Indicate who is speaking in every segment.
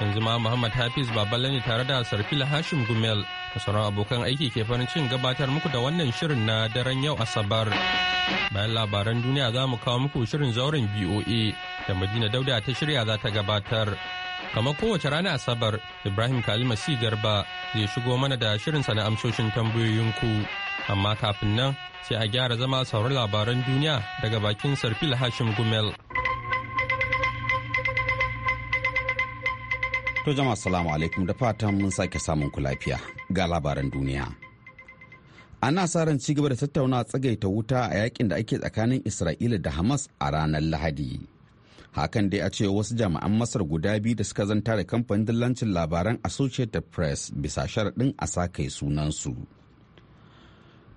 Speaker 1: yanzu ma Muhammad Hafiz Baballe ne tare da Sarfila Hashim Gumel da sauran abokan aiki ke farin cin gabatar muku da wannan shirin na daren yau Asabar. Bayan labaran duniya za mu kawo muku shirin zauren BOA da Madina Dauda ta shirya za ta gabatar. Kamar kowace rana Asabar, Ibrahim Kalima si Garba zai shigo mana da shirin na amsoshin tambayoyinku. Amma kafin nan sai a gyara zama sauran labaran duniya daga bakin Sarfil Hashim Gumel.
Speaker 2: To jama'a salamu alaikum da fatan mun sake samun ku lafiya ga labaran duniya. Ana sa ran cigaba da tattauna tsagaita wuta a yakin da ake tsakanin Isra'ila da Hamas a ranar Lahadi. Hakan dai a ce wasu jami'an Masar guda biyu da suka zanta da kamfanin dillancin labaran Associated Press bisa sharaɗin a sa kai sunansu.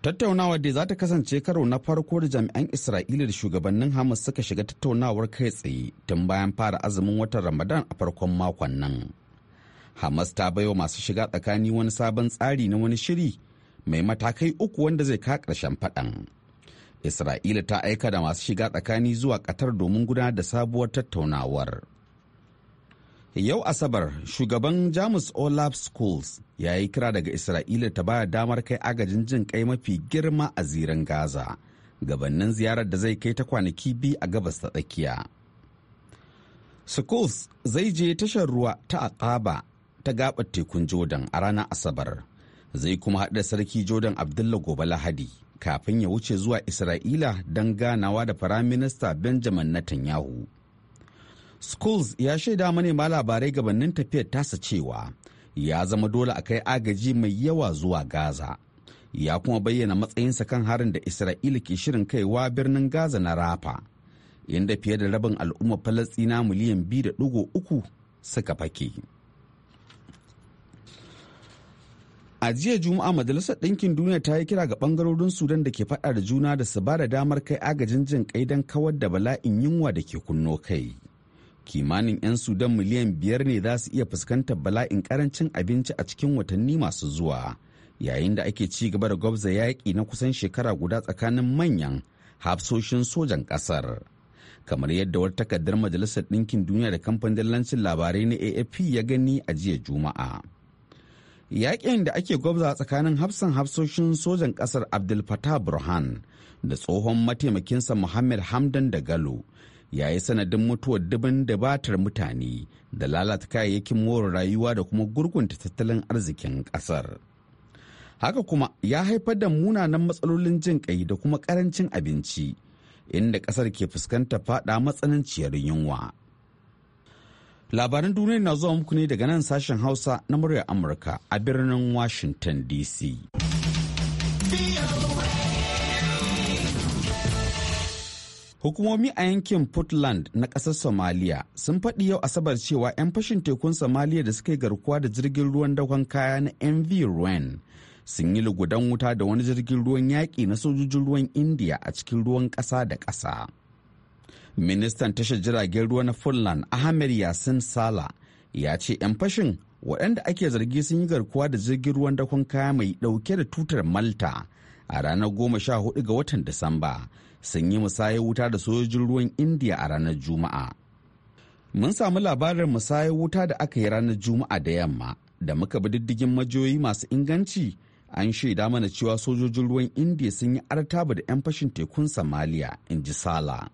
Speaker 2: Tattaunawar da za ta kasance karo na farko da jami'an Isra'ila da shugabannin Hamas suka shiga tattaunawar kai tsaye tun bayan fara azumin watan Ramadan a farkon makon nan. Hamas ta baiwa masu shiga tsakani wani sabon tsari na wani shiri mai matakai uku wanda zai ka ƙarshen faɗan. Isra'ila ta aika da masu shiga tsakani zuwa ƙatar domin gudanar da sabuwar tattaunawar. Yau Asabar, shugaban Jamus Olaf Schools ya yi kira daga Isra'ila ta baya damar kai agajin jin kai mafi girma a zirin Gaza, gabannin ziyarar da zai kai ta kwanaki biyu a gabas ta tsakiya. Schools zai je tashar ruwa ta akaba ta gabar tekun Jordan a ranar Asabar, zai kuma haɗa sarki Jordan Abdullah gobe Lahadi kafin ya wuce zuwa Isra'ila don ganawa da Firaminista Benjamin Netanyahu. Schools ya shaida manema labarai gabanin tafiyar tasa cewa ya zama dole a kai agaji mai yawa zuwa Gaza. Ya kuma bayyana matsayinsa kan harin da Isra'ila ke shirin kaiwa birnin Gaza na Rafa, inda fiye da rabin al'ummar Falastina miliyan 2.3 suka fake. a jiya juma'a majalisar ɗinkin duniya ta yi kira ga ɓangarorin sudan da ke faɗa da juna da su ba da damar kai agajin jin kai don kawar da bala'in yunwa da ke kunno kai kimanin 'yan sudan miliyan biyar ne za su iya fuskantar bala'in karancin abinci a cikin watanni masu zuwa yayin da ake ci gaba da gwabza yaƙi na kusan shekara guda tsakanin manyan hafsoshin sojan ƙasar kamar yadda wata takardar majalisar ɗinkin duniya da kamfanin lancin labarai na afp ya gani a jiya juma'a yaƙin da ake gwabza tsakanin hafsan hafsoshin sojan ƙasar abdul fatah burhan da tsohon mataimakinsa muhammad hamdan da galo ya yi sanadin mutuwar dubin dabatar mutane da lalata kayayyakin more rayuwa da kuma gurgunta tattalin arzikin kasar. Haka kuma ya haifar da munanan matsalolin jin kai da kuma ƙarancin abinci, inda ƙasar ke fuskanta faɗa matsananciyar yunwa. Labaran duniya na zuwa muku ne daga nan sashen Hausa na muryar Amurka a birnin Washington DC. Hukumomi a yankin Puntland na ƙasar Somalia sun faɗi yau Asabar cewa 'yan fashin tekun Somalia da suka yi garkuwa da jirgin ruwan dakon kaya na MV Ruwan sun yi lugudan wuta da wani jirgin ruwan yaƙi na sojojin ruwan India a cikin ruwan ƙasa da ƙasa. Ministan tashar jiragen ruwa na Finland Ahmed Yasin Sala ya ce 'yan fashin waɗanda ake zargi sun yi garkuwa da jirgin ruwan dakon kaya mai ɗauke da tutar Malta a ranar goma sha hudu ga watan Disamba. sun yi musayar wuta da sojojin ruwan indiya a ranar juma'a mun samu labarin musayar wuta da aka yi ranar juma'a da yamma da muka bi diddigin majiyoyi masu inganci an shaida mana cewa sojojin ruwan indiya sun yi artaba da 'yan fashin tekun samaliya in ji sala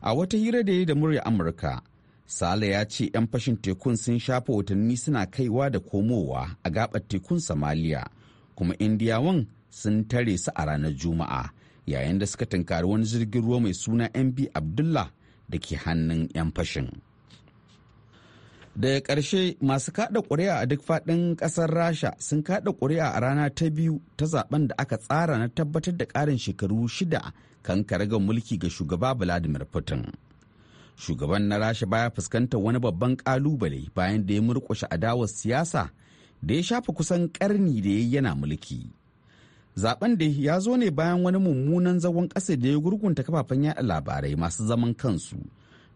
Speaker 2: a wata hira da ya da murya amurka sala ya ce 'yan fashin tekun sun shafa watanni suna kaiwa da komowa a gabar tekun samaliya kuma indiyawan sun tare su a ranar juma'a yayin da suka tunkari wani jirgin ruwa mai suna mb abdullah da ke hannun 'yan fashin daga ƙarshe masu kada ƙuri'a a duk faɗin ƙasar rasha sun kada ƙuri'a a rana ta biyu ta zaben da aka tsara na tabbatar da ƙarin shekaru shida kan karagar mulki ga shugaba vladimir putin shugaban na rasha baya fuskantar wani babban ƙalubale bayan da ya murƙushe adawar siyasa da ya shafa kusan ƙarni da ya yana mulki zaben da ya zo ne bayan wani mummunan zagon ƙasa da ya gurgunta kafafen yada labarai masu zaman kansu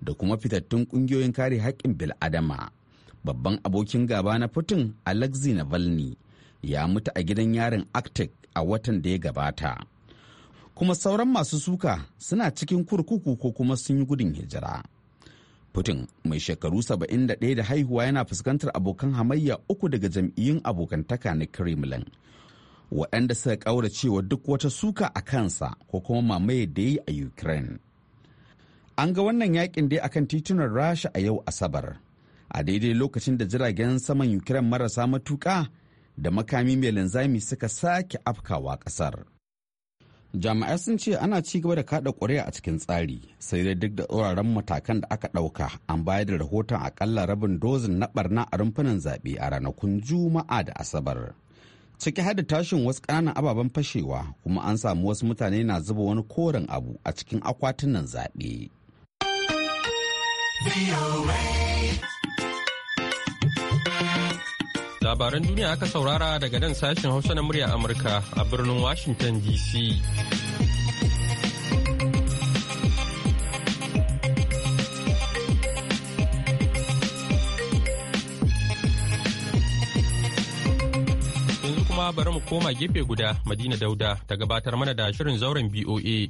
Speaker 2: da kuma fitattun ƙungiyoyin kare haƙƙin bil'adama babban abokin gaba na putin alexei navalny ya mutu a gidan yarin arctic a watan da ya gabata kuma sauran masu suka suna cikin kurkuku ko kuma sun yi gudun hijira putin mai shekaru 71 da haihuwa yana fuskantar abokan hamayya uku daga jam'iyyun abokantaka na kremlin waɗanda suka ƙaura cewa duk wata suka a kansa ko kuma mamaye da yi a ukraine an ga wannan yakin dai akan titunan rasha a yau asabar a daidai lokacin da jiragen saman ukraine marasa matuƙa da makami mai linzami suka sake afkawa ƙasar jami'ai sun ce ana ci gaba da kada ƙuri'a a cikin tsari sai dai duk da tsoron matakan da aka ɗauka an bayar da rahoton akalla rabin dozin na barna a rumfunan zaɓe a ranakun juma'a da asabar ciki har da tashin wasu ƙananan ababen fashewa kuma an samu wasu mutane na zuba wani koren abu a cikin akwatunan zaɓe. Labaran duniya aka saurara daga nan sashen
Speaker 1: Hausa na murya Amurka a birnin Washington DC. kuma bari mu koma gefe guda Madina Dauda ta gabatar mana da shirin zauren BOA.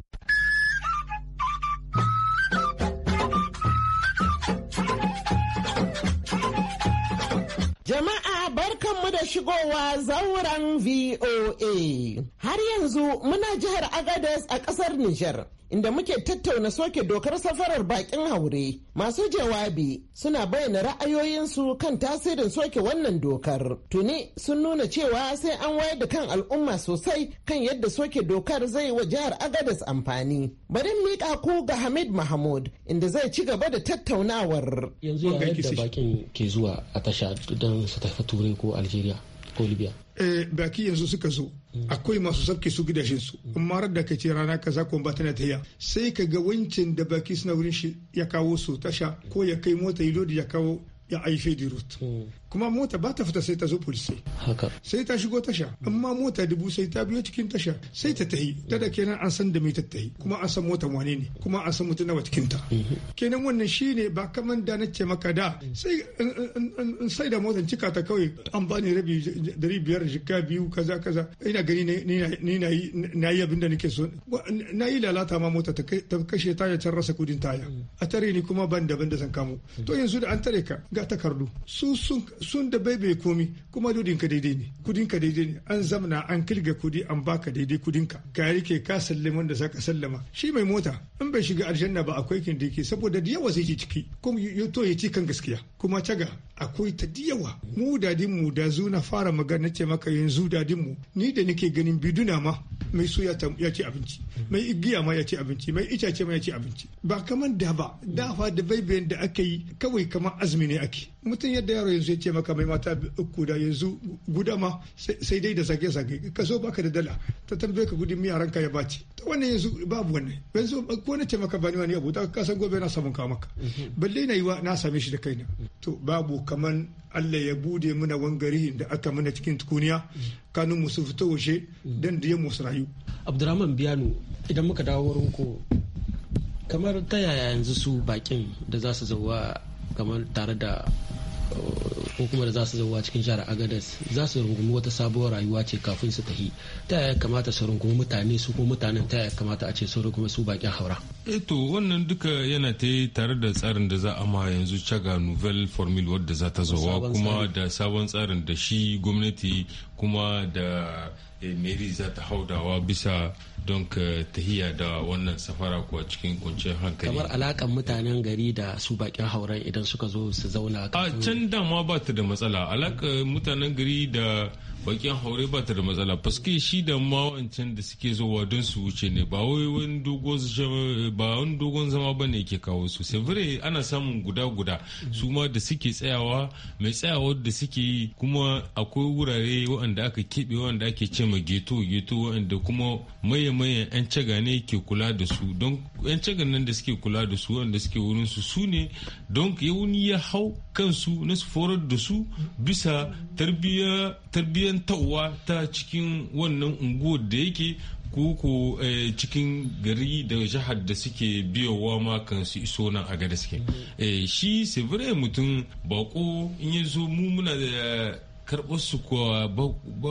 Speaker 3: shigowa zauren VOA. Har yanzu muna jihar Agadez a ƙasar Nijar. Inda muke tattauna soke dokar safarar bakin haure masu jawabi suna bayyana ra'ayoyinsu kan tasirin soke wannan dokar. Tuni sun nuna cewa sai an wayar da kan al'umma sosai kan yadda soke dokar zai wa jihar Agadez amfani. Bari miƙa ku ga Hamid Mahmud inda zai ci gaba da tattaunawar. Yanzu ya yadda
Speaker 4: bakin ke zuwa a tasha don su tafi turai ko Algeria. ko libya
Speaker 3: eh baki
Speaker 5: yanzu suka zo hmm. akwai masu sabke su gidashin su hmm. amma rar da ka kace rana kaza ko ba ta tahiya sai ka ga wancin da baki suna wurin shi ya kawo su tasha hmm. ko ya kai mota yilo da ya kawo ya aife di rut kuma mota ba ta fita sai ta zo polisai haka sai ta shigo tasha amma mota dubu sai ta biyo cikin tasha sai ta tahi ta da kenan an san da mai ta tahi kuma an san mota wane ne kuma an san mutum nawa cikin mhm. kenan wannan shine ba kaman da na ce maka da sai in sai da motan cika ta kawai an bani rabi dari biyar jika biyu kaza kaza ina gani ni na yi abin nake so na yi lalata ma mota ta kashe taya can rasa kudin taya a tare ni kuma ban daban da san kamo to yanzu da an tare ka ga takardu su sun sun da bai bai komi kuma ka daidai ne ka daidai ne an zamana an kirga kudi an baka daidai kudinka ka yake ka sallama da zaka sallama shi mai mota in bai shiga aljanna ba akwai kindiki saboda da yawa sai ciki kuma to ya ci kan gaskiya kuma taga akwai ta yawa mu dadin mu da zu na fara magana ce maka yanzu dadin mu ni da nake ganin biduna ma mai su ya ci abinci mai igiya ma ya ci abinci mai itace ma ya ci abinci ba kaman da ba da fa da baibayen da aka yi kawai kamar azumi ne ake mutum yadda yaro yanzu ya ce maka mai mata uku da yanzu guda ma sai dai da zage zage ka so baka da dala ta tambaye ka gudun miya ranka ya baci ta wannan yanzu babu wannan yanzu ko na ce maka ni wani abu ta kasan gobe na samun ka maka mhm. balle na yi wa na same shi da kaina to babu kamar Allah ya bude mana wangarihin da aka mana cikin tukuniya kanun musu fito washe don da musu rayu. Abdurrahman Biyanu idan muka dawo wurin ko
Speaker 4: kamar ta yaya yanzu su bakin da za su zauwa kamar tare da ko kuma da za su zauwa cikin jihar agadas za su rungumi wata sabuwar rayuwa ce kafin su tafi ta yaya kamata su rungumi mutane su ko mutanen ta yaya kamata a ce su rungumi su bakin haura
Speaker 6: eto eh wannan duka yana ta yi tare da tsarin da za a ma yanzu caga nouvelle formule wadda za ta zauwa kuma da sabon tsarin da shi gwamnati kuma da eh, meri za ta haudawa bisa don ka tahiya da wannan safara kuwa cikin kuncin hankali kamar alakan
Speaker 4: mutanen gari da su bakin hauren idan suka zo su zauna
Speaker 6: a can dama ba ta da matsala alakan mutanen gari da bakin haure ba ta da matsala faske shi da ma wancan da suke zowa don su wuce ne ba wani dogon zama ba ne ke kawo su sevire ana samun guda guda su ma da suke tsayawa mai tsayawa da suke yi kuma akwai wurare waɗanda aka keɓe waɗanda ake ce ma geto geto waɗanda kuma mayan manyan 'yan caga ne ke kula da su don 'yan cagan nan da suke kula da su wanda suke wurin su su ne don yawon ya hau kansu na su forar da su bisa tarbiyyar tawa ta cikin wannan unguwar da yake koko eh, cikin gari da jihar da suke biyowa ma kansu iso nan a gada suke eh, shi sevire mutum bako in ya zo mu muna da karbar su kuwa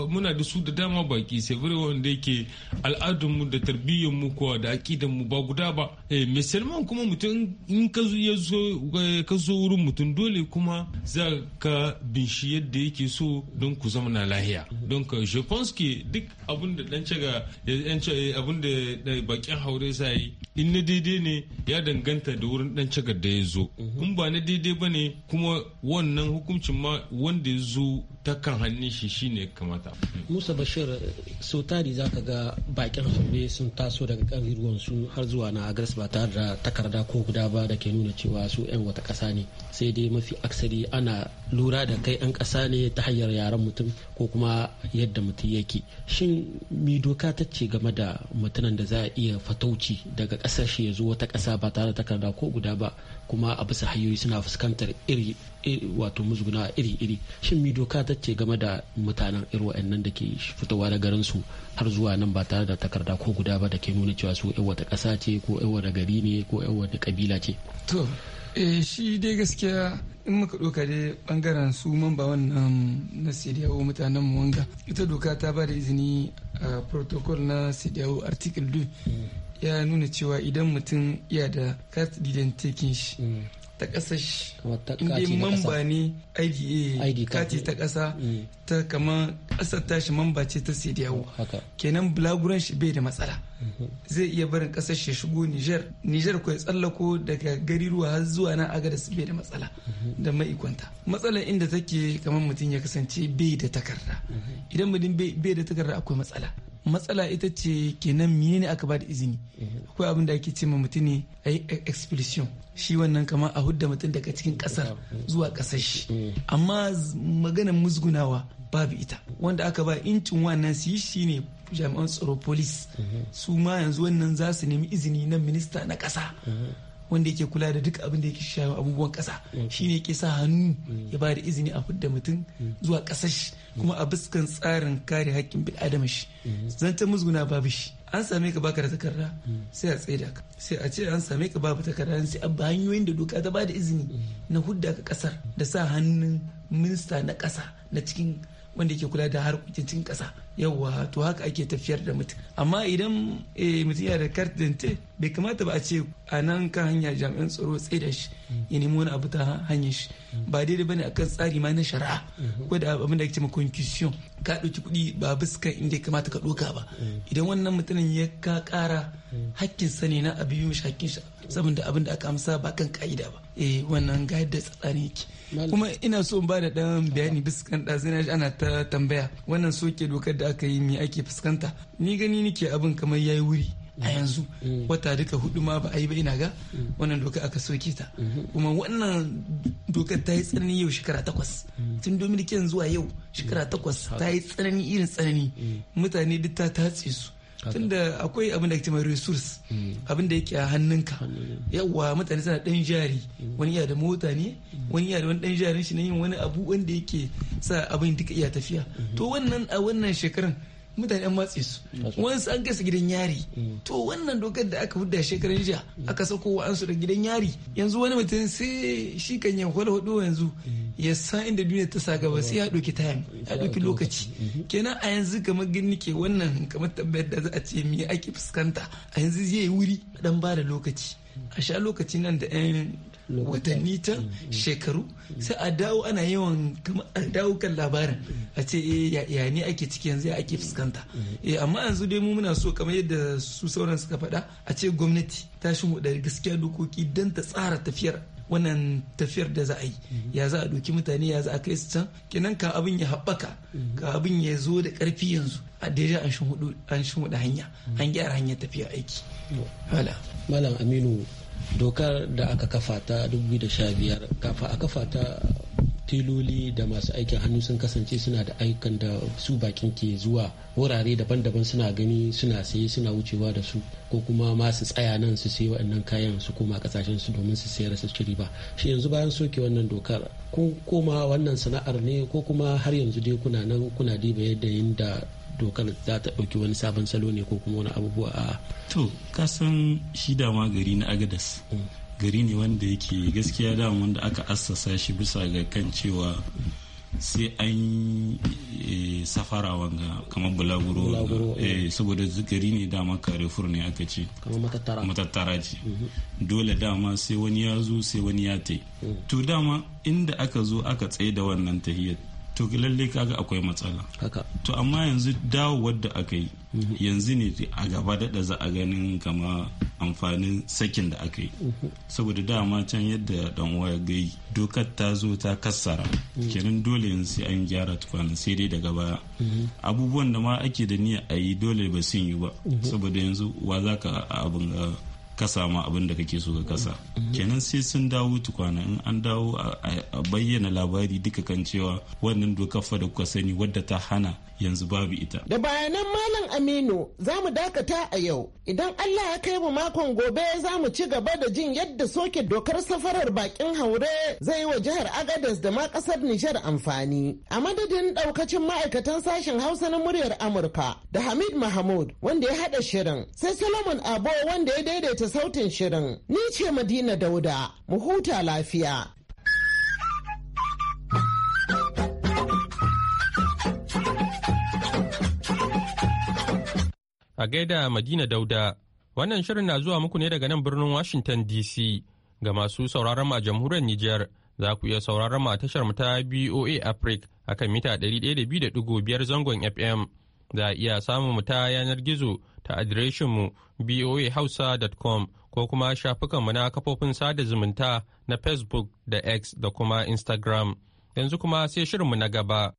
Speaker 6: muna da su da dama baki sai bari wanda yake al'adunmu da tarbiyyarmu kuwa da aƙidanmu ba guda ba eh, musulman kuma mutum in ka zo eh, ka zo wurin mutum dole kuma za ka binshi yadda yake so don ku zama na lahiya don ka je duk abin da ɗan caga eh, abin da bakin haure sa yi in na daidai ne ya danganta da wurin dan cagar da ya zo mhm. in ba na daidai ba ne kuma wannan hukuncin ma wanda ya zo ta kan hannun shi shine kamata
Speaker 4: musa bashir sau tari za ka ga bakin haure sun taso daga kan su har zuwa na agres ba tare da takarda ko guda ba da ke nuna cewa su 'yan wata ƙasa ne sai dai mafi aksari ana lura da kai an ƙasa ne ta hanyar yaren mutum ko kuma yadda mutum yake shin mi doka ta ce game da mutumin da za a iya fatauci daga ƙasashe ya zo wata ƙasa ba tare da takarda ko guda ba kuma a bisa hanyoyi suna fuskantar iri wato muzguna iri-iri shin mi doka ta ce game da mutanen irin wa'annan da ke fitowa da garin su har zuwa nan ba tare da takarda ko guda ba da ke nuna cewa su yan wata ƙasa ce ko yan wata gari ne ko yan wata kabila ce
Speaker 7: to eh shi dai gaskiya in muka ɗauka dai bangaren su mamba wannan na cdo mutanen mu wanga ita doka ta ba da izini a protocol na cdo article 2 mm. ya nuna cewa idan mutum ya da card tekin shi mm. ta kasashe inda mamba ne IDA kati ta kasa mm. ta kama kasar tashi mamba ce ta yawo oh, kenan bulaguran shi bai da matsala mm-hmm. zai iya barin ƙasar shi shigo nijar nijar ko tsallako daga gari ruwa har zuwa na aga da su bai da matsala mm-hmm. da maikonta matsalar inda take kamar mutum ya kasance bai da takarda mm-hmm. idan mutum bai da takarda akwai matsala matsala ita ce kenan miye ne aka ba da izini mhm. akwai abin da ake ce ma mutum ne a yi expulsion shi wannan kama a hudda mutum daga cikin kasar zuwa kasar mhm. amma maganar musgunawa babu ita wanda aka ba incin wannan su yi shi ne jami'an tsaro police mhm. su ma yanzu wannan za su nemi izini na minista na kasa wanda yake kula da duk abin da yake shayar abubuwan kasa mm. shine yake sa hannu mm. ya ba da izini a fidda mutum mm. zuwa kasar kuma a biskan tsarin kare haƙƙin bil'adama shi zanta musguna babu shi an same ka baka da takarda sai a tsaida ka sai a ce an same ka babu takarda sai a ba hanyoyin da doka ta ba da izini na hudda ka kasar da sa hannun minista na kasa na cikin wanda ke kula da harkokin cikin ƙasa yawwa to haka ake tafiyar da mutum amma idan eh, mutum yana da kartinte bai kamata ba a ce a nan kan hanya jami'an tsaro tsaye da shi ya nemi wani abu ta hanyar shi ba daidai bane akan tsari ma na shari'a mhm. ko da abin da ake cewa constitution ka ɗauki kuɗi ba biska inda ya kamata ka ɗoka ba idan wannan mutumin ya ka ƙara hakkin sani ne na abi mishi hakkin sha saboda abin da aka amsa ba kan ka'ida ba eh wannan ga yadda tsakani yake kuma ina so in ba da ɗan bayani biskan da zina ana ta tambaya wannan soke dokar da aka yi me ake fuskanta ni gani nake abin kamar yayi wuri a yanzu wata duka hudu ma ba a yi ba ina ga wannan doka aka soke ta kuma wannan dokar ta yi tsanani yau shekara takwas tun dominican zuwa yau shekara takwas ta yi tsanani irin tsanani mutane duk ta tatse su tunda akwai abin da ake cewa resource abin da yake a hannunka yawa mutane suna dan jari wani iya da mota ne wani iya da wani dan jarin shi ne yin wani abu wanda yake sa abin duka iya tafiya to wannan a wannan shekaran mutane an matse su wani an kasa gidan yari mm. to wannan dokar da aka hudda shekaran jiya aka sauko wa ansu da gidan yari yanzu wani mutum sai shi kan ya hula hudu yanzu mm. ya san inda duniya ta sa gaba sai ya doki tayan ya doki lokaci mm-hmm. kenan a yanzu kamar gini ke wannan kamar tabbayar da za a ce me ake fuskanta a yanzu zai yi wuri dan ba da lokaci a sha lokaci nan da 'yan watanni ta mm. Mm. shekaru mm. sai a dawo ana yawan a dawo kan labarin a ce eh, ya ne ake ciki yanzu ya ake fuskanta eh, amma yanzu dai mu muna so kamar yadda su sauran suka faɗa a ce gwamnati ta shi gaskiya dokoki don ta tsara tafiyar wannan tafiyar da za a yi mm-hmm. ya za a doki mutane ya za a kai su can kenan ka abin ya haɓaka mm-hmm. ka abin ya zo da ƙarfi yanzu a daidai an shi hudu hanya an gyara hanyar tafiya aiki malam
Speaker 4: aminu dokar da aka kafa ta 2015 kafa a kafa ta tiloli da masu aikin hannu sun kasance suna da ayyukan da su bakin ke zuwa wurare daban-daban suna gani suna saye suna wucewa da su ko kuma ma tsaya nan su sayi waɗannan kayan su koma kasashen su domin su sayar su ci riba shi yanzu bayan soke wannan dokar kun koma wannan sana'ar ne ko kuma har yanzu dai kuna nan kuna diba yadda yin da dokar za ta ɗauki wani sabon salo ne ko kuma wani abubuwa a
Speaker 7: to
Speaker 8: kasan shi dama gari na agadas mm. gari ne wanda yake gaskiya dama wanda aka assasa shi bisa ga kan cewa sai an yi eh, safara wanga kamar bulaguro eh. Eh, saboda gari ne dama karefur ne aka ce matattara ce mm-hmm. dole dama sai wani ya zo sai wani ya tai mm. to dama inda aka zo aka tsaye da wannan tahiyar to lallai kaga akwai matsala to amma yanzu dawo da aka yi mhm. yanzu ne a gaba dada za a ganin kama amfanin sakin da aka yi mhm. saboda dama can yadda dan uwa gai dokar ta zo ta kassara mhm. kenan dole yanzu sai an gyara tukwanin sai dai daga baya abubuwan da ma ake da niyya a yi dole ba sun yi ba saboda yanzu wa za ka abin kasa ma abin da kake so ka kasa kenan sai sun dawo tukwana in an dawo a bayyana labari duka kan cewa wannan dokar fa da kuka sani wadda ta hana yanzu babu ita
Speaker 3: da bayanan malam aminu za mu dakata a yau idan allah ya kai mu makon gobe za mu ci gaba da jin yadda soke dokar safarar bakin haure zai yi wa jihar Agadez da ma kasar nijar amfani a madadin daukacin ma'aikatan sashen hausa na muryar amurka da hamid mahmud wanda ya hada shirin sai solomon abo wanda ya daidaita sautin shirin. Ni ce Madina Dauda, mu huta lafiya.
Speaker 1: A gaida Madina Dauda, wannan shirin na zuwa muku ne daga nan birnin Washington DC ga masu sauraron ma jamhuriyar Nijar. Za ku iya sauraron ma tashar mu ta BOA Africa akan mita 102.5 zangon FM. Za a iya samun mu ta yanar gizo ta adireshinmu boahausa.com ko kuma shafukanmu na kafofin sada zumunta na Facebook da X da kuma Instagram. Yanzu kuma sai shirinmu na gaba.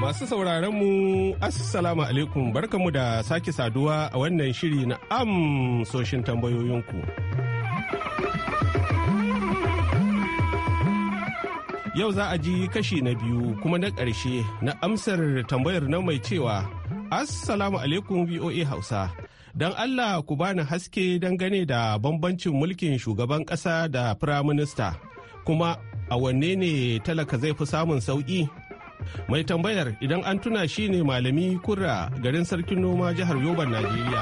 Speaker 9: Masu sauraron mu Assalamu alaikum barkamu da sake saduwa a wannan shiri na amsoshin tambayoyinku. Yau za a ji kashi na biyu kuma na ƙarshe na amsar tambayar na mai cewa Assalamu alaikum VOA Hausa. Don Allah ku bani haske dangane da bambancin mulkin shugaban ƙasa da firaminista kuma a wanne ne talaka zai fi samun sauƙi? Mai tambayar idan an tuna shi ne malami kurra garin sarkin noma jihar Yoban Najeriya.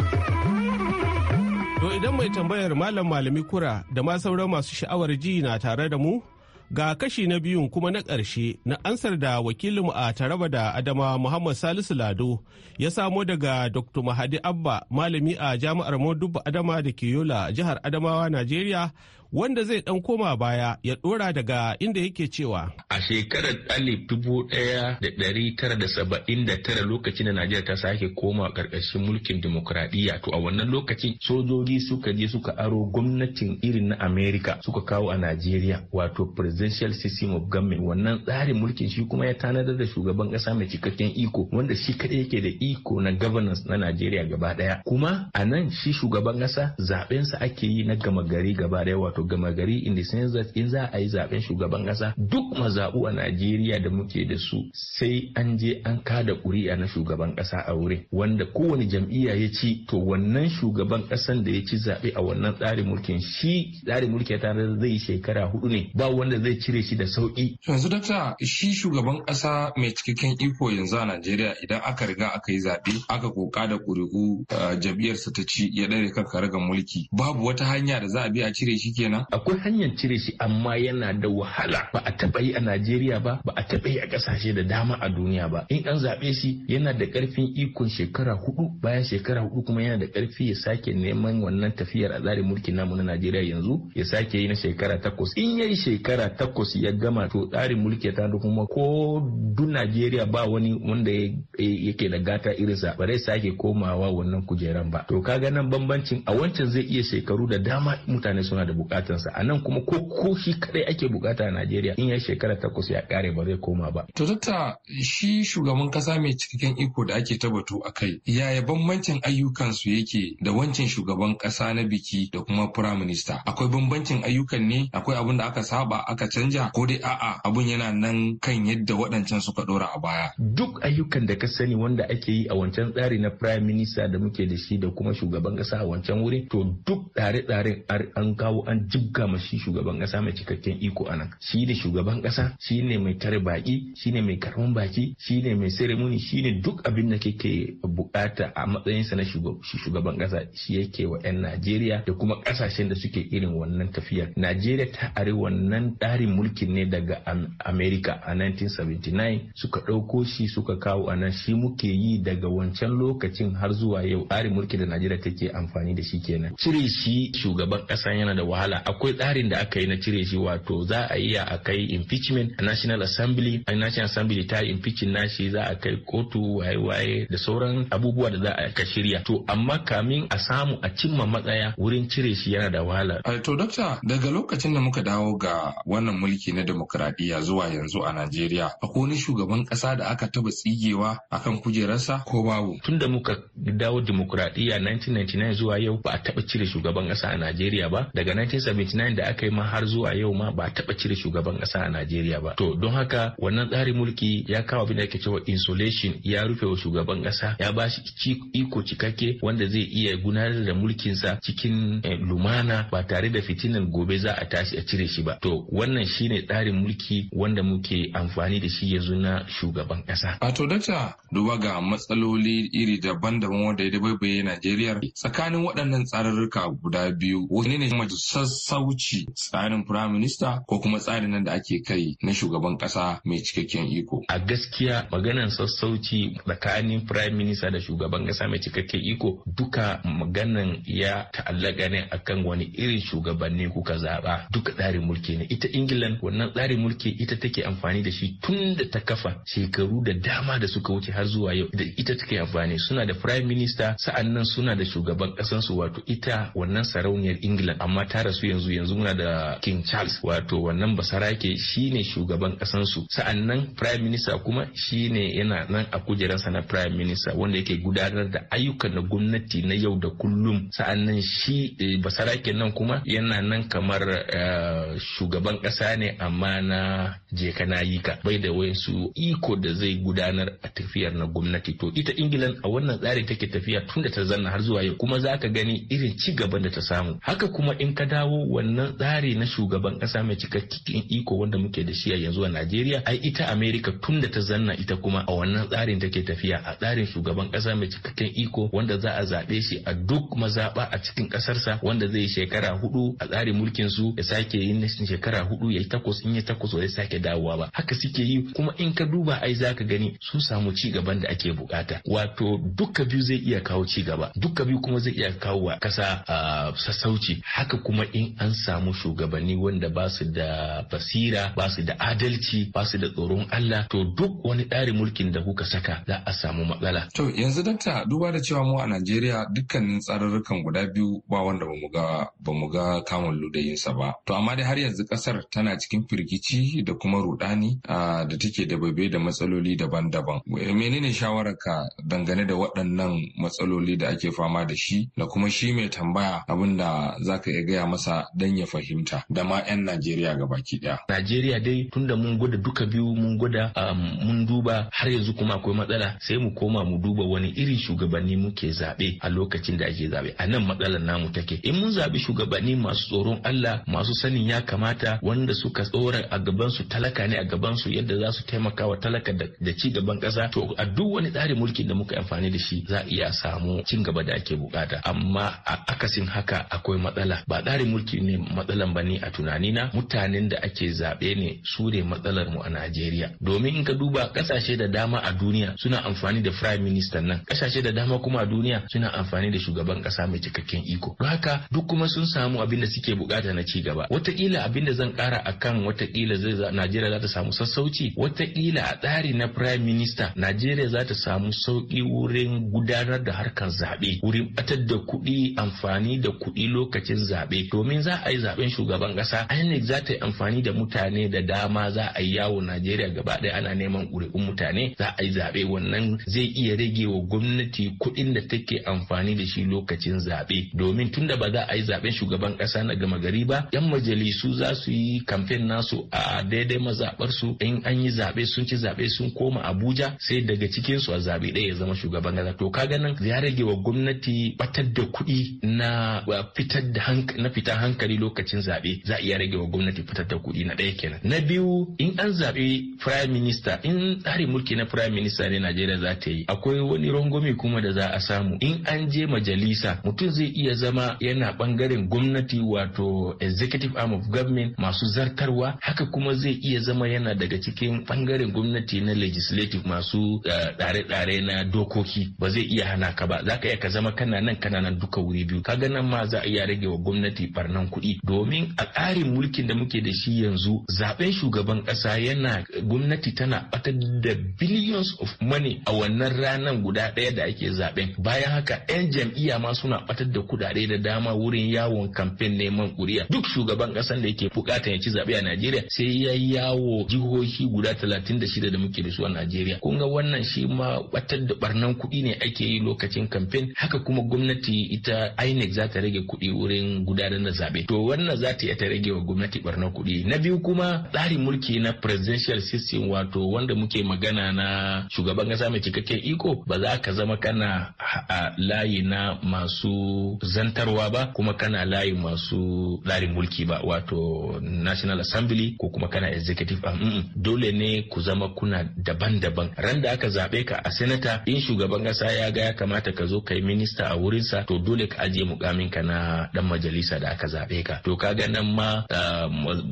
Speaker 9: To idan mai tambayar malam malami kura da ma sauran masu sha'awar ji na tare da mu Ga kashi na biyun kuma na ƙarshe na ansar da wakilinmu a Taraba da Adama Muhammad Salisu Lado ya samo daga Dr. Mahadi Abba malami a Jami'ar Modubu Adama da ke Yola jihar Adamawa Najeriya wanda zai dan koma baya ya dora daga inda yake cewa.
Speaker 10: A shekarar alif dubu ɗaya da ɗari tara da saba'in da tara lokacin da Najeriya ta sake koma ƙarƙashin mulkin dimokuraɗiyya to a wannan lokacin sojoji suka je suka aro gwamnatin irin na Amerika suka kawo a Najeriya wato presidential system of government wannan tsarin mulkin shi kuma ya tanadar da shugaban ƙasa mai cikakken iko wanda shi kaɗai yake da iko na governance na Najeriya gaba ɗaya kuma a nan shi shugaban ƙasa zaɓensa ake yi na gama gari gaba ɗaya wato wato gama gari in the sense that in za a yi zaben shugaban kasa duk mazaɓu a Najeriya da muke da su sai an je an kada ƙuri'a na shugaban kasa a wurin wanda kowane jam'iyya ya ci to wannan shugaban kasan da ya ci zaɓe a wannan tsarin mulkin shi tsarin mulki ta zai shekara hudu ne ba wanda zai cire shi da sauki.
Speaker 11: Yanzu dakta shi shugaban kasa mai cikakken iko yanzu a Najeriya idan aka riga aka yi zaɓe aka koka da ƙuri'u eh, jam'iyyarsa
Speaker 10: ta ci ya dare kan karagar mulki babu wata hanya da za a bi a cire shi ke kenan akwai hanyar cire shi amma yana da wahala ba a taba yi a Najeriya ba ba a taba yi a kasashe da dama a duniya ba in an zabe shi yana da karfin ikon shekara hudu bayan shekara hudu kuma yana da karfi ya sake neman wannan tafiyar a tsarin mulkin namu na Najeriya yanzu ya sake yi na shekara takwas in yayi shekara takwas ya gama to tsarin mulki ta kuma ko duk Najeriya ba wani wanda yake da gata irinsa ba zai sake komawa wannan kujeran ba to kaga nan bambancin a wancan zai iya shekaru da dama mutane suna da buƙata bukatansa a nan kuma ko ko shi kadai ake bukata a Najeriya in ya shekara takwas ya kare ba zai koma ba. To tatta
Speaker 11: shi shugaban kasa mai cikakken iko da ake tabbato a kai yaya bambancin su yake da wancan shugaban kasa na biki da kuma firaminista akwai bambancin ayyukan ne akwai abun da aka saba aka canja ko dai a'a abun yana nan kan yadda waɗancan suka ɗora a baya.
Speaker 10: Duk ayyukan da ka sani wanda ake yi a wancan tsari na firayim minista da muke da shi da kuma shugaban kasa a wancan wuri to duk tsare-tsaren an kawo an jibga shi shugaban kasa mai cikakken iko anan shi ne shugaban kasa shi ne mai tare baki shi ne mai karban baki shi ne mai ceremony shi ne duk abin da kake bukata a matsayinsa na shugaban kasa shi yake wa 'yan Najeriya da kuma kasashen da suke irin wannan tafiyar. Najeriya ta are wannan tsarin mulkin ne daga Amerika a 1979 suka ɗauko shi suka kawo a nan shi muke yi daga wancan lokacin har zuwa yau tsarin mulkin da Najeriya take amfani da shi kenan. Cire shi shugaban kasa yana da wahala akwai tsarin da aka yi na cire shi wato za a iya a kai impeachment a national assembly a national assembly ta impeachment nashi za a kai kotu waye-waye da sauran abubuwa da za a ka shirya to amma kamin a samu a cimma matsaya wurin cire shi yana da wahala. Eh, to dokta daga lokacin da muka
Speaker 11: dawo ga wannan mulki na demokuraɗiyya zuwa yanzu a najeriya akwai wani shugaban kasa da aka
Speaker 10: taba tsigewa akan kujerarsa ko babu. tun da muka dawo demokuraɗiyya 1999 zuwa yau ba a taba cire shugaban kasa a najeriya ba daga 19 79 da aka yi ma har zuwa yau ma ba taɓa cire shugaban ƙasa a Najeriya ba. To don haka wannan tsarin mulki ya kawo abin da ake cewa insulation ya rufe wa shugaban ƙasa ya ba shi iko cikakke wanda zai iya gudanar da mulkinsa cikin eh, lumana ba tare da fitinan gobe za a tashi a cire shi ba. To wannan shine tsarin mulki wanda muke amfani da shi yanzu na shugaban A to dakta
Speaker 11: duba ga matsaloli iri daban-daban wanda ya dabaibaye Najeriya tsakanin waɗannan tsararruka guda biyu wani ne majalisar Sauci tsarin firayim
Speaker 10: minista ko kuma tsarin nan da ake kai na shugaban kasa mai cikakken iko. A gaskiya maganan sassauci tsakanin firayim minista da shugaban kasa mai cikakken iko duka maganan ya ta'allaka ne akan wani irin shugabanni kuka zaba duka tsarin mulki ne ita Ingilan wannan tsarin mulki ita take amfani da shi tun da ta kafa shekaru da dama da suka wuce har zuwa yau da ita take amfani suna da firayim minista sa'annan suna da shugaban kasansu wato ita wannan sarauniyar Ingilan amma ta rasu su yanzu yanzu muna da King Charles wato wannan basarake shine shugaban kasan su sa'annan prime minister kuma shine yana nan a sa na prime minister wanda yake gudanar da ayyukan na gwamnati na yau da kullum sa'annan shi eh, basarake nan kuma yana nan kamar eh, shugaban kasa ne amma na jeka na yika bai da su iko da zai gudanar a tafiyar na gwamnati to ita England a wannan tsarin take tafiya tun da ta zanna har zuwa yau kuma zaka gani irin ci gaban da ta samu haka kuma in ka dawo kawo wannan tsari na shugaban kasa mai cikakken iko wanda muke da shi a yanzu a Najeriya ai ita America tun da ta zanna ita kuma a wannan tsarin take tafiya a tsarin shugaban kasa mai cikakken iko wanda za a zaɓe shi a duk mazaɓa a cikin ƙasarsa wanda zai yi shekara hudu a tsarin mulkin su ya sake yin shekara hudu ya yi takwas in ya takwas ya sake dawowa ba haka suke yi kuma in ka duba ai zaka gani su samu ci gaban da ake bukata wato duka biyu zai iya kawo ci gaba duka biyu kuma zai iya kawo wa ƙasa ah, sassauci haka kuma in an samu shugabanni wanda ba su da basira ba su da adalci ba su da tsoron Allah to duk wani tsarin mulkin da kuka saka za a samu matsala. To yanzu dakta duba da cewa mu a Najeriya dukkanin
Speaker 11: tsarurrukan guda biyu ba wanda ba mu ga ba mu ga kamun ludayinsa ba. To amma dai har yanzu kasar tana cikin firgici da kuma rudani da take da babe da matsaloli daban-daban. Menene shawararka dangane da waɗannan matsaloli da ake fama da shi da kuma shi mai tambaya abin da za ka iya gaya masa ƙasa don ya fahimta da ma 'yan Najeriya
Speaker 10: ga baki ɗaya. Najeriya dai tunda mun gwada duka biyu mun gwada um, mun duba har yanzu kuma akwai matsala sai mu koma mu duba wani irin shugabanni muke zaɓe a lokacin da ake zaɓe a nan matsalar namu take in mun zaɓi shugabanni masu tsoron Allah masu sanin ya kamata wanda suka tsora a gaban su talaka ne a gaban su yadda za su taimaka wa talaka da ci gaban ƙasa to a duk wani tsarin mulkin da muka amfani da shi za a iya samu cin gaba da ake bukata amma a akasin haka akwai matsala ba tsarin mulki ne matsalan ba a a tunanina mutanen da ake zaɓe ne su ne matsalar mu a Najeriya. Domin in ka duba ƙasashe da dama a duniya suna amfani da prime minister nan ƙasashe da dama kuma a duniya suna amfani da shugaban ƙasa mai cikakken iko. Don haka duk kuma sun samu abin da suke bukata na ci gaba. Wataƙila abin da zan kara akan wataƙila zai Najeriya za ta samu sassauci wataƙila a tsari na prime minister Najeriya za ta samu sauki wurin gudanar da harkar zaɓe wurin ɓatar da kuɗi amfani da kuɗi lokacin zaɓe domin domin za a yi zaben shugaban kasa INEC za ta yi amfani da mutane da dama za a yi yawo Najeriya gaba ɗaya ana neman ƙuri'un mutane za a yi zaɓe wannan zai iya rage wa gwamnati kuɗin da take amfani da shi lokacin zaɓe domin tunda ba za a yi zaɓen shugaban kasa na gama gari ba yan majalisu za su yi kamfen nasu a daidai mazaɓar su in an yi zaɓe sun ci zaɓe sun koma Abuja sai daga cikin su a zaɓe ɗaya ya zama shugaban kasa. to ka nan ya rage wa gwamnati batar da kuɗi na fitar da na fitar hankali lokacin zaɓe za a iya rage wa gwamnati fitar da kuɗi na ɗaya kenan na biyu in an zaɓi prime minister in tsarin mulki na prime minister ne najeriya za ta yi akwai wani rangwame kuma da za a samu in an je majalisa mutum zai iya zama yana bangaren gwamnati wato executive arm of government masu zartarwa haka kuma zai iya zama yana daga cikin bangaren gwamnati na legislative masu eh, tsare-tsare na dokoki ba zai iya hana ka ba za ka iya ka zama kana nan kana nan duka wuri biyu ka nan ma za a iya rage wa gwamnati barnan kuɗi domin a tsarin mulkin da muke da shi yanzu zaben shugaban ƙasa yana gwamnati tana batar da billions of money a wannan ranar guda ɗaya da ake zaben bayan haka 'yan jam'iyya ma suna batar da kuɗaɗe da dama wurin yawon kamfen neman ƙuri'a duk shugaban ƙasa da yake buƙatar ya ci zaɓe a Najeriya sai ya yawo jihohi guda 36 da muke da su a Najeriya kun ga wannan shi ma batar da barnan kuɗi ne ake yi lokacin kamfen haka kuma gwamnati ita INEC za ta rage kuɗi wurin gudanar da zaɓe to wannan za ta ta rage wa gwamnati barnar kuɗi na biyu kuma tsarin mulki na presidential system wato wanda muke magana na shugaban kasa mai cikakken iko ba za ka zama kana a layi na masu zantarwa ba kuma kana layi masu tsarin mulki ba wato national assembly ko kuma kana executive mm, mm dole ne ku zama kuna daban-daban ran da aka zaɓe ka a senator in shugaban kasa ya ga ya kamata ka zo kai minista a wurinsa to dole ka ajiye mukamin ka na dan majalisa da aka zaɓe ka to kaga nan ma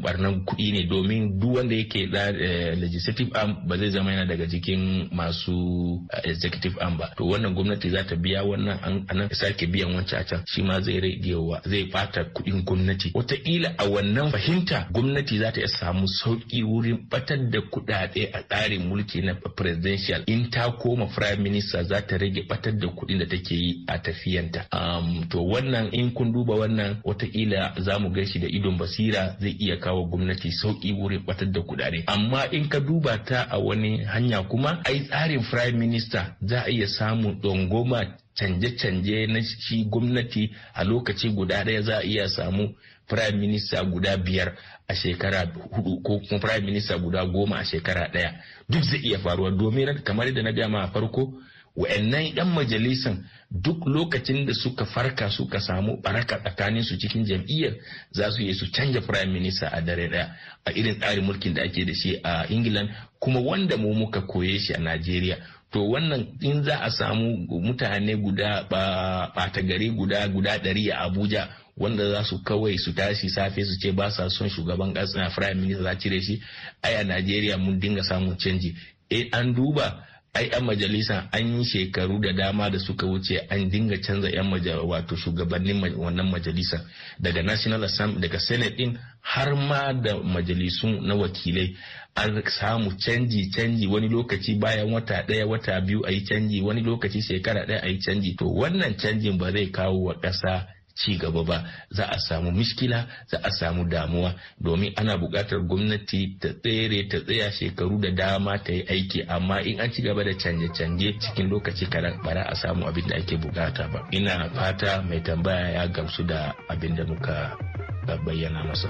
Speaker 10: barnan um, kuɗi ne domin duk wanda yake da eh, legislative arm ba zai zama yana daga cikin masu eh, executive arm ba to wannan gwamnati za ta biya wannan anan sake biyan wancan can shi ma zai ragewa zai bata kuɗin gwamnati wataƙila a wannan fahimta gwamnati za ta iya samu sauƙi wurin batar da kuɗaɗe a tsarin mulki na presidential in ta koma prime minister za ta rage batar da kuɗin da take yi a tafiyanta um, to wannan in kun duba wannan wata watakila za mu gaishi da idon basira zai iya kawo gwamnati sauki wurin batar da kuɗaɗe. amma in ka duba ta a wani hanya kuma ai tsarin prime minister za a iya samun dongoma canje-canje na shi gwamnati a lokaci guda ɗaya za a iya samu prime minister guda biyar a shekara hudu ko kuma prime minister guda goma a shekara ɗaya. duk zai iya faruwa domin kamar da na gama a farko wa'annan 'yan majalisan duk lokacin da suka farka suka samu baraka tsakanin su cikin jam'iyyar za su yi su canja prime minister a dare daya a irin tsarin mulkin da ake da shi a england kuma wanda mu muka koye shi a Nigeria to wannan in za a samu mutane guda ɓata gari guda guda ɗari a abuja wanda za su kawai su tashi safe su ce ba sa son shugaban ƙasa na prime minister za cire shi a Nigeria mun dinga samun canji eh an duba ai yan majalisa an yi shekaru da dama da suka wuce an dinga canza yan majalisa wato shugabannin wannan majalisa daga national assembly daga senate din har ma da majalisun na wakilai an samu canji canji wani lokaci bayan wata ɗaya wata biyu a yi canji wani lokaci shekara ɗaya a yi canji to wannan canjin ba zai kawo wa ƙasa ci gaba ba za a samu miskila za a samu damuwa domin ana buƙatar gwamnati ta tsere ta tsaya shekaru da dama ta yi aiki amma in an ci gaba da canje-canje cikin lokaci kaɗan ba za a samu abin da ake bukata ba ina fata mai tambaya ya gamsu da abin da muka bayyana masa.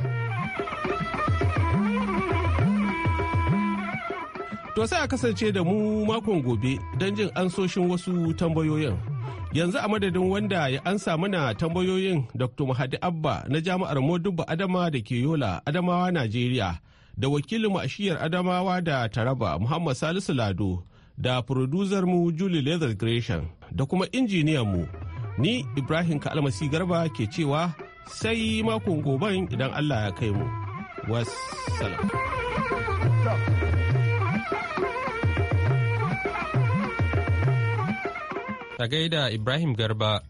Speaker 9: To sai a kasance da mu makon gobe don jin ansoshin wasu tambayoyin. yanzu a madadin wanda ya ansa mana tambayoyin dr mahadi abba na jami'ar modubba adama da ke yola adamawa najeriya da wakilin a adamawa da taraba muhammad salisu lado da mu julie leather gresham da kuma injiniyan mu ni ibrahim kalmasi garba ke cewa sai makon goben idan allah ya kai mu wassalam
Speaker 1: a gaida Ibrahim Garba.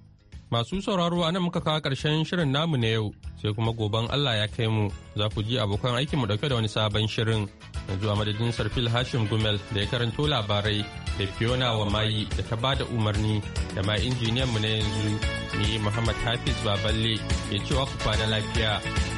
Speaker 1: Masu sauraro a nan muka kawo ƙarshen shirin namu na yau sai kuma goben Allah ya kai mu za ku ji abokan aikinmu mu dauke da wani sabon shirin yanzu a madadin Sarfil Hashim Gumel da ya karanto labarai da Fiona wa mayi da ta bada umarni da ma injiniyan mu na yanzu ni Muhammad Hafiz Baballe ke cewa ku fada lafiya.